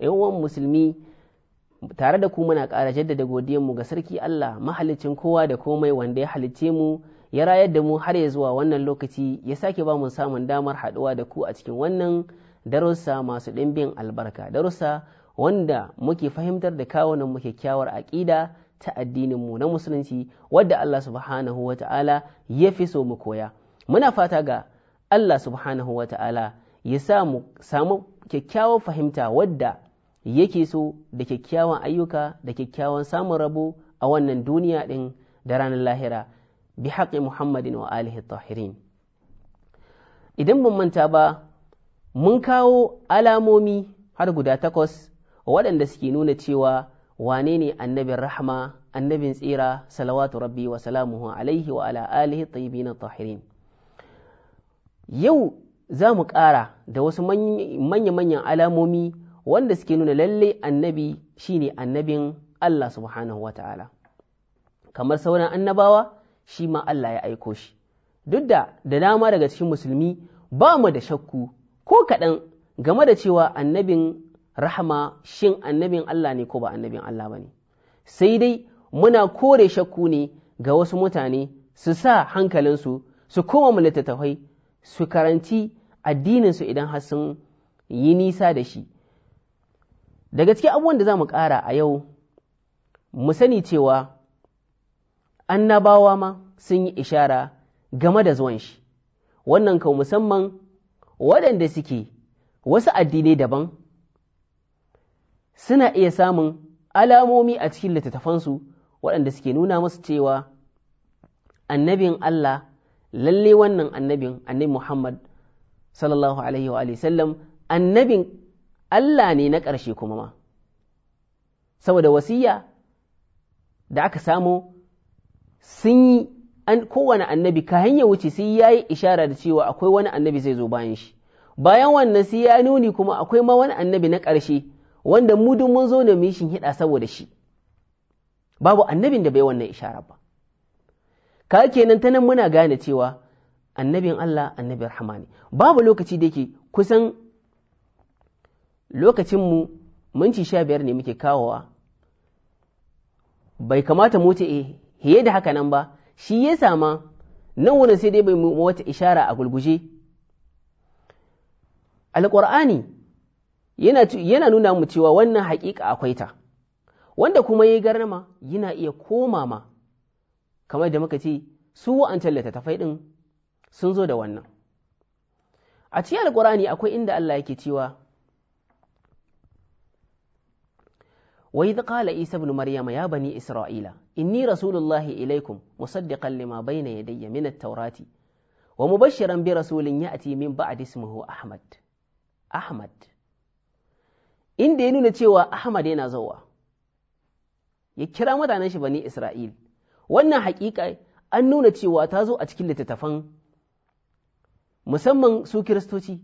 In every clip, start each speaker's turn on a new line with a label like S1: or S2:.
S1: uwan musulmi tare da ku muna ƙara jaddada mu ga sarki Allah mahalicin kowa da komai wanda ya halicce mu ya rayar da mu har ya zuwa wannan lokaci ya sake ba mu samun damar haɗuwa da ku a cikin wannan darussa masu ɗimbin albarka darussa wanda muke fahimtar da kawunan mu kyakkyawar aƙida ta addinin mu na musulunci wadda Allah subhanahu wa ya fi so mu koya muna fata ga Allah subhanahu wa ta'ala ya samu samu kyakkyawar fahimta wadda yake so da kyakkyawan ayyuka da kyakkyawan samun rabo a wannan duniya ɗin da ranar lahira bi haƙi muhammadin wa alihi tahirin idan ban manta ba mun kawo alamomi har guda takwas waɗanda suke nuna cewa wane ne annabin rahama annabin tsira salawatu rabbi wa salamuhu alaihi wa ala alihi tayyibin tahirin yau za mu ƙara da wasu manya-manyan alamomi wanda suke nuna lalle annabi shine annabin Allah subhanahu wa ta'ala kamar sauran annabawa shi ma Allah ya aiko shi duk da da dama daga cikin musulmi ba mu da shakku ko kaɗan game da cewa annabin rahama shin annabin Allah ne ko ba annabin Allah ba ne sai dai muna kore shakku ne ga wasu mutane su sa hankalinsu su koma mu littattafai su karanci addininsu idan har sun yi nisa da shi daga cikin abubuwan da za mu ƙara a yau mu sani cewa annabawa ma sun yi ishara game da zuwan shi wannan kan musamman waɗanda suke wasu addinai daban suna iya samun alamomi a cikin littattafansu waɗanda suke nuna masu cewa annabin Allah lalle wannan annabin annabi Muhammad sallallahu alaihi wa sallam annabin Allah ne na ƙarshe kuma ma saboda wasiya da aka samu sun yi kowane annabi ka ya wuce sai ya yi ishara da cewa akwai wani annabi zai zo bayan shi bayan wannan sai ya nuni kuma akwai ma wani annabi na ƙarshe wanda mu duk mun zo mu shi hida saboda shi babu annabin da bai wannan ishara ba ka kenan ta nan muna gane cewa annabin Allah annabi rahama ne babu lokaci da yake kusan lokacinmu minti sha biyar ne muke kawowa bai kamata mu ce hiye eh, da haka nan ba shi ya sama nan wani sai dai bai mu wata ishara a gulguje alƙur'ani yana nuna mu cewa wannan haƙiƙa akwai ta wanda kuma ya yi garnama yana iya koma ma kamar da muka ce su wa'ancan littattafai ɗin sun zo da wannan a cikin alƙur'ani akwai inda Allah yake cewa وإذ قال عيسى ابن مريم يا بني إسرائيل إني رسول الله إليكم مصدقا لما بين يدي من التوراة ومبشرا برسول يأتي من بعد اسمه أحمد أحمد إن دينونا تيوى أحمد ينازوى يكرا مدعناش بني إسرائيل وأن حقيقة أنونا تيوى تازو أتكلة تتفن مسمى سو كريستوتي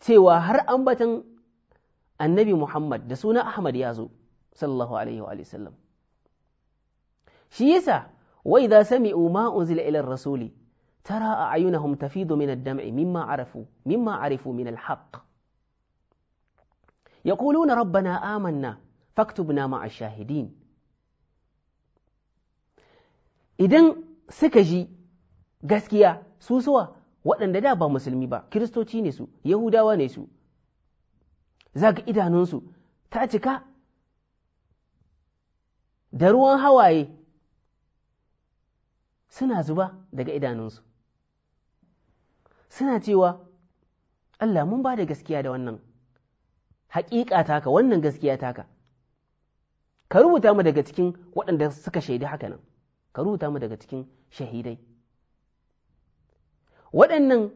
S1: cewa har ambatan annabi Muhammad da suna Ahmad ya zo sallallahu alaihi wa sallam shi yasa wai za sami'u ma unzila ilar rasuli tara a'yunahum tafidu min dami mimma arafu mimma arifu min al-haqq يقولون ربنا آمنا فاكتبنا مع الشاهدين idan suka ji gaskiya su suwa waɗanda da ba musulmi ba kiristoci ne su yahudawa ne su za ka idanunsu ta cika da ruwan hawaye suna zuba daga idanunsu suna cewa Allah mun ba da gaskiya da wannan Hakika taka wannan gaskiya taka ka rubuta mu daga cikin waɗanda suka shaidi hakanan. ka rubuta mu daga cikin shahidai waɗannan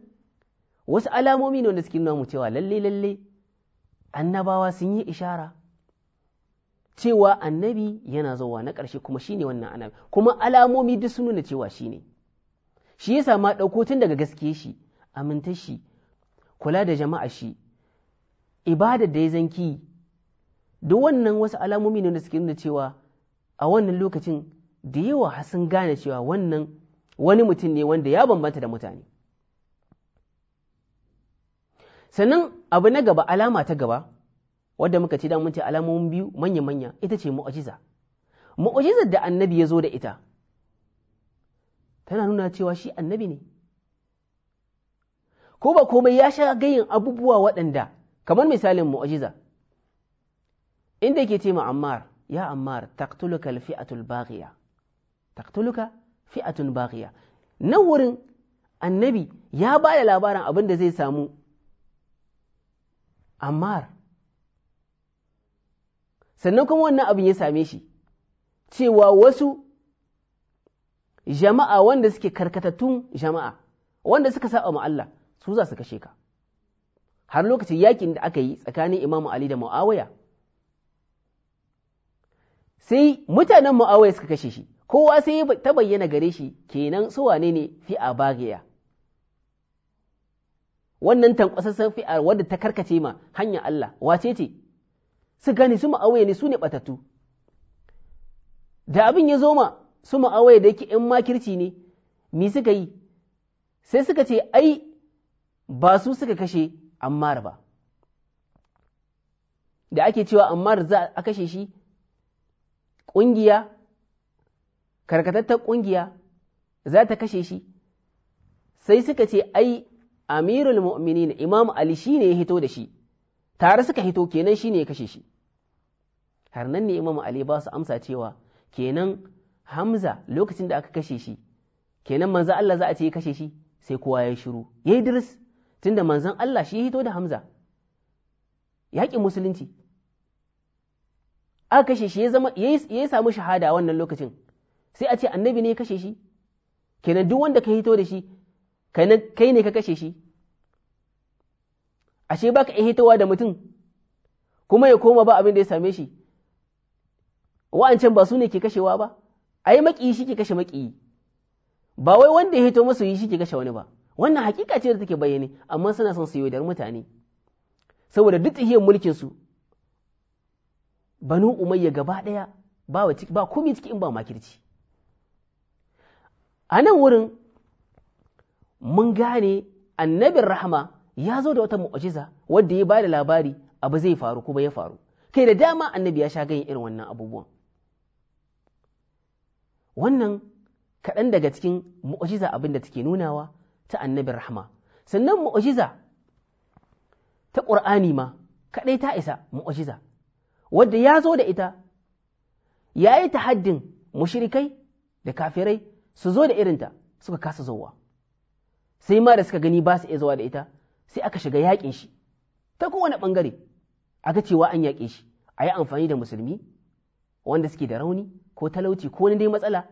S1: wasu alamomi ne wanda suke nuna mu cewa lalle lalle annabawa sun yi ishara cewa annabi yana zuwa na ƙarshe kuma shi ne wannan annabi kuma alamomi duk sun nuna cewa shi ne shi ya ma ɗauko tun daga gaske shi aminta shi kula da jama'a shi ibada da ya zanki duk wannan wasu alamomi ne da suke nuna cewa a wannan lokacin da yawa sun gane cewa wannan wani mutum ne wanda ya bambanta da mutane sannan abu na gaba alama ta gaba wadda muka ce mun ce alamomin biyu manya-manya ita ce mu'ajiza mu'ajizar da annabi ya zo da ita tana nuna cewa shi annabi ne ko ba komai ya sha gayin abubuwa waɗanda kamar misalin mu'ajiza inda ke ce ma ammar ya ammar taqtuluka alfi'atul baghiya taqtuluka fi'atun baghiya nan wurin annabi ya ba da labarin abin da zai samu Ammar sannan kuma wannan abin ya same shi cewa wasu jama'a wanda suke karkatattun jama'a wanda suka saba ma Allah su za su kashe ka har lokacin yakin da aka yi tsakanin Imam Ali da mu'awaya? sai mutanen mu'awaya suka kashe shi kowa sai ta bayyana gare shi kenan su wanene ne fi a bagaya wannan tankwasassan fi'a wadda ta karkace ma hanya Allah wace ce su gani su ma'awaye ne su ne batattu da abin ya zo ma su ma'awaye da yake ‘yan makirci ne me suka yi sai suka ce ai ba su suka kashe ammar ba da ake cewa ammar za a kashe shi ƙungiya karkatattar ƙungiya za ta kashe shi sai suka ce ai amirul mu'minin imam ali shi ne ya hito da shi tare suka hito kenan shi ne ya kashe shi har nan ne imam ali ba su amsa cewa kenan hamza lokacin da aka kashe shi kenan manzan Allah za a ce ya kashe shi sai kowa ya shiru ya yi diris tunda manzan Allah shi ya hito da hamza yaƙin musulunci aka kashe shi ya zama ya samu shahada wannan lokacin sai a ce annabi ne ya kashe shi kenan duk wanda ka hito da shi kai ne ka kashe shi ashe baka iya hitowa da mutum kuma ya koma ba abin da ya same shi wa'ancan ba su ne ke kashewa ba ai maƙiyi shi ke kashe maƙiyi ba wai wanda ya hito masu yi shi ke kashe wani ba wannan hakika ce da take bayyane amma suna son su wadar mutane saboda duk tsihiyar mulkin su banu umayya gaba ɗaya ba komai ciki in ba makirci a nan wurin mun gane annabin rahama ya zo da wata mu'ajiza wadda ya bada labari abu zai faru kuma ya faru kai da dama annabi ya sha ganin irin wannan abubuwan wannan kaɗan daga cikin mu'ajiza abin da take nunawa ta annabin rahama sannan mu'ajiza ta ƙur'ani ma kaɗai ta isa mu'ajiza wadda ya zo da ita ya yi ta haddin mushrikai da kafirai su zo da irinta suka kasa zowa sai ma da suka gani ba su iya zuwa da ita sai aka shiga yaƙin shi ta kowane ɓangare aka cewa an yaƙe shi a yi amfani da musulmi wanda suke da rauni ko talauci ko wani dai matsala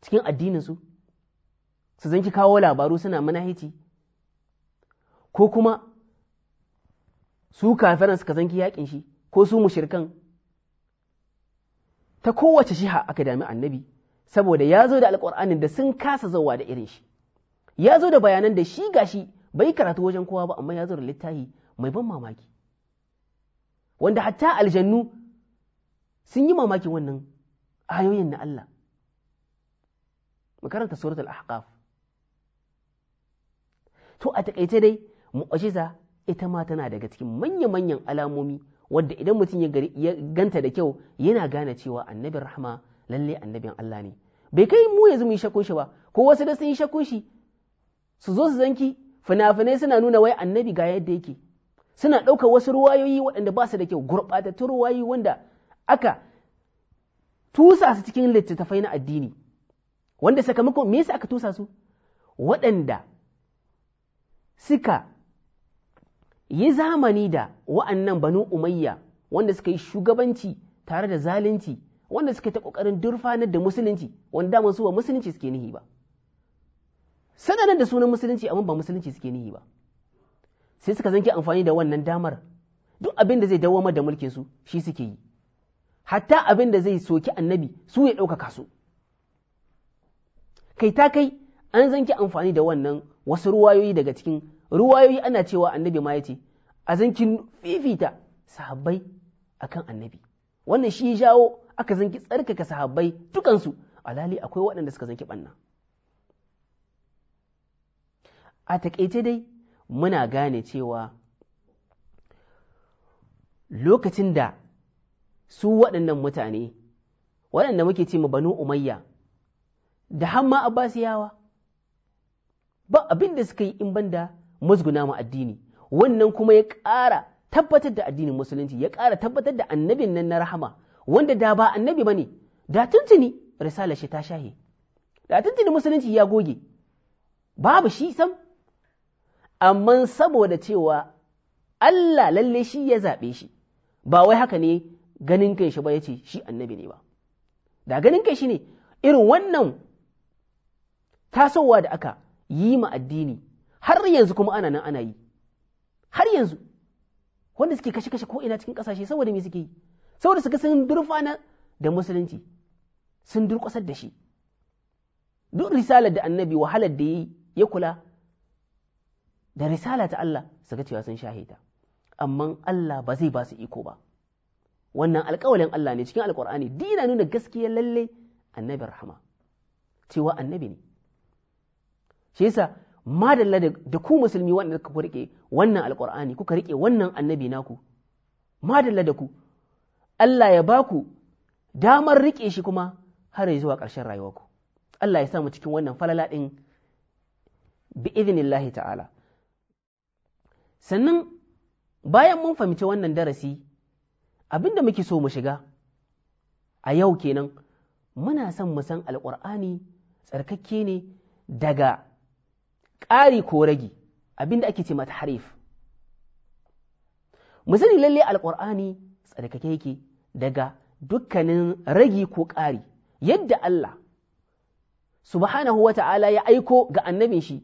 S1: cikin addininsu su zanki kawo labaru suna manahici ko kuma su kafiran suka zanki yaƙin shi ko su mushirkan ta kowace shiha aka dami annabi saboda ya zo da alƙur'anin da sun kasa zauwa da irin shi ya zo da bayanan da shi gashi bai karatu wajen kowa ba amma ya zo da littafi mai ban mamaki wanda hatta aljannu sun yi mamaki wannan ayoyin na Allah makaranta suratul ahqaf to a takaice dai mu'ajiza ita ma tana daga cikin manya-manyan alamomi wadda idan mutum ya ganta da kyau yana gane cewa annabin rahma, lalle annabin Allah ne bai kai mu yanzu mu yi shakun ba ko wasu da sun yi shakun su zo su zanki fina-finai suna nuna wai annabi ga yadda yake suna ɗaukar wasu ruwayoyi waɗanda ba su da kyau gurɓatattun ruwayoyi wanda aka tusa su cikin littattafai na addini wanda sakamakon me yasa aka tusa su waɗanda suka yi zamani da wa'annan banu umayya wanda suka yi shugabanci tare da zalunci wanda suka ta ƙoƙarin durfanar da musulunci wanda daman su ba musulunci suke nihi ba suna da sunan musulunci amma ba musulunci suke nihi ba sai suka zanki amfani da wannan damar duk abin da zai ma da mulkin su shi suke yi hatta abin da zai soki annabi su ya ɗaukaka su kai ta kai an zanki amfani da wannan wasu ruwayoyi daga cikin ruwayoyi ana cewa annabi ma ya ce a zanki fifita sahabbai akan annabi wannan shi jawo aka zanki tsarkaka sahabbai dukansu alali akwai waɗanda suka zanki ɓanna a taƙaice dai muna gane cewa lokacin da su waɗannan mutane waɗanda muke ce ma banu umayya da hamma abbasiyawa ba abin da suka yi in banda musguna ma addini wannan kuma ya ƙara tabbatar da addinin musulunci ya ƙara tabbatar da annabin nan na rahama wanda da ba annabi ba ne da tuntuni risala shi ta shahe da tuntuni musulunci ya goge babu shi sam amma saboda cewa Allah lalle shi ya zaɓe shi, ba wai haka ne ganin kai shi ba ya ce shi annabi ne ba. Da ganin kai shi ne irin wannan tasowa da aka yi ma addini har yanzu kuma ana nan ana yi, har yanzu wanda suke kashe-kashe ina cikin kasashe saboda me suke yi, saboda suka sun durfana da musulunci, sun durƙusar da shi. Duk risalar da annabi wahalar da ya kula da risala ta Allah su ga cewa sun shahida amma Allah ba zai ba su iko ba wannan alƙawalin Allah ne cikin alƙur'ani dina nuna gaskiya lalle annabi rahama cewa annabi ne shi yasa madalla da ku musulmi wanda kuka rike wannan alƙur'ani kuka rike wannan annabi naku madalla da ku Allah ya baku damar rike shi kuma har zuwa ƙarshen rayuwarku Allah ya sa mu cikin wannan falala ɗin bi ta'ala sannan bayan mun fahimci wannan darasi abinda muke so mu shiga a yau kenan muna son mu san alƙur'ani tsarkakke ne daga ƙari ko ragi abinda ake ce mata harif mu sani lalle alƙur'ani tsarkake yake daga dukkanin ragi ko ƙari yadda Allah subhanahu wa ta'ala ya aiko ga annabin shi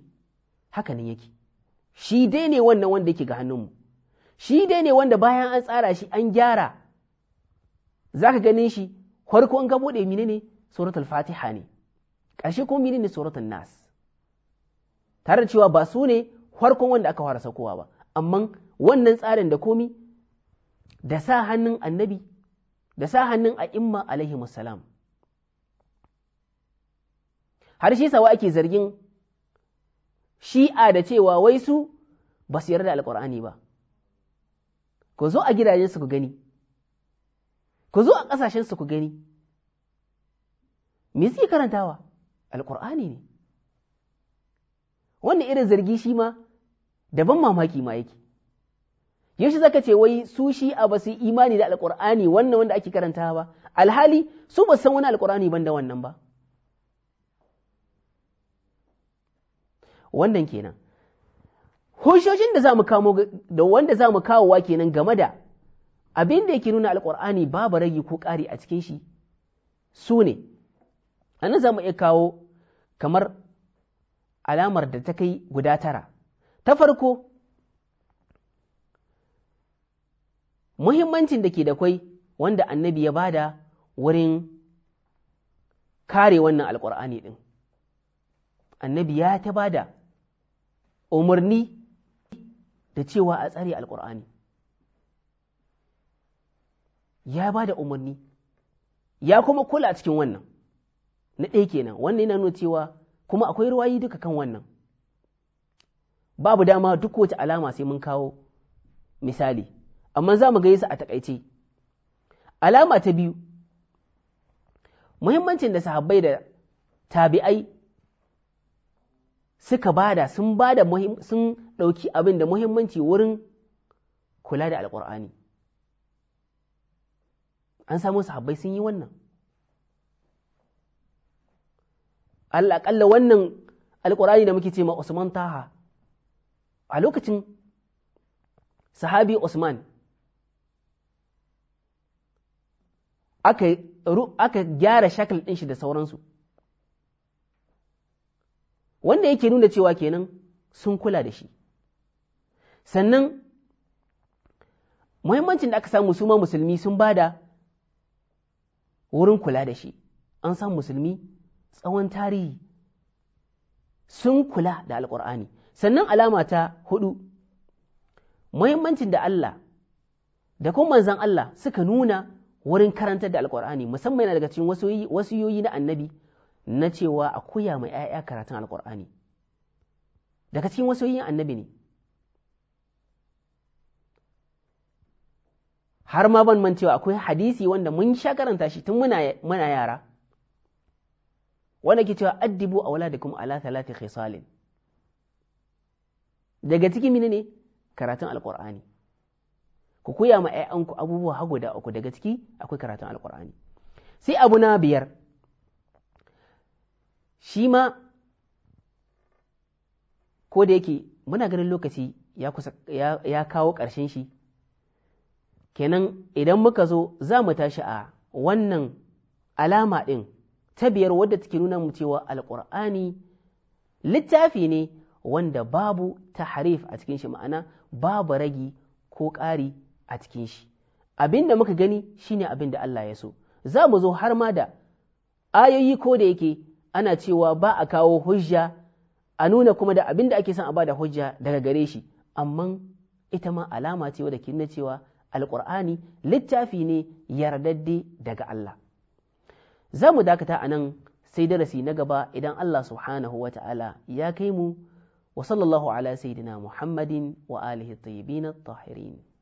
S1: haka ne yake shi dai ne wannan wanda yake ga hannunmu shi dai ne wanda bayan an tsara shi an gyara za ka ganin shi farko an ka bude!" mine ne suratul fatiha ne ƙarshe kuma mine ne suratul nas tare da cewa ba su ne farkon wanda aka fara saukowa ba amma wannan tsarin da komi da sa hannun annabi da sa hannun a a'imma alaihi salam har shi sawa ake zargin shi'a da cewa wai su ba su yarda alƙur'ani ba ku zo a gidajensu ku gani ku zo a ƙasashensu ku gani me suke karantawa alƙur'ani ne wannan irin zargi shi ma daban mamaki ma yake yaushe zaka ce wai su shi a basu imani da alkur'ani wannan wanda ake karantawa ba alhali su ba san wani alkur'ani ban da wannan ba wannan kenan hujjojin da zamu kamo da wanda zamu kawowa kenan game da abin da yake nuna alqur'ani babu ragi ko ƙari a cikin shi su ne anan zamu iya kawo kamar alamar da ta kai guda tara ta farko muhimmancin da ke da kwai wanda annabi ya bada wurin kare wannan alƙur'ani din. annabi ya ta bada umarni da cewa a tsare alƙur'ani ya ba da umarni ya kuma kula a cikin wannan na ɗaya kenan wannan yana nuna cewa kuma akwai ruwayi duka kan wannan babu dama duk wata alama sai mun kawo misali amma za mu gaisa a takaice alama ta biyu muhimmancin da sahabbai da tabi'ai suka bada sun bada sun ɗauki abin da muhimmanci wurin kula da alƙur'ani an samu sahabbai sun yi wannan Allah ƙalla wannan alƙur'ani da muke ce ma Usman Taha a lokacin sahabi Usman aka gyara shakal ɗin shi da sauransu wanda yake nuna cewa kenan sun kula da shi sannan muhimmancin da aka samu su ma musulmi sun bada wurin kula da shi an san musulmi tsawon tarihi sun kula da alkur'ani sannan alama ta hudu muhimmancin da Allah da kuma manzan Allah suka nuna wurin karantar da alƙur'ani musamman yana daga cikin wasu yoyi na annabi na cewa a koya mai 'ya'ya karatun alkur'ani daga cikin wasu annabi ne har ma ban man akwai hadisi wanda mun sha karanta shi tun muna yara wanda ke cewa addibu kuma ala thalathi khisalin daga cikin mini ne karatun alkur'ani ku kuya ma 'ya'yanku abubuwa hagu da uku daga ciki akwai karatun alkur'ani sai abu na biyar shi ma ko da yake muna ganin lokaci ya, kawo ƙarshen shi kenan idan muka zo za mu tashi a wannan alama ɗin ta biyar wadda take nuna mu cewa alƙur'ani littafi ne wanda babu ta harif a cikin shi ma'ana babu ragi ko ƙari a cikin shi abin da muka gani shine abin da Allah ya so za mu zo har ma da ayoyi ko da yake ana cewa ba a kawo hujja a nuna kuma da abin da ake son a ba da hujja daga gare shi amma ita ma alama ce wadda ke nuna cewa alkur'ani littafi ne yardadde daga Allah za mu dakata a nan sai darasi na gaba idan Allah subhanahu wa ta'ala ya kai mu wa sallallahu ala sayyidina Muhammadin wa alihi tayyibin at-tahirin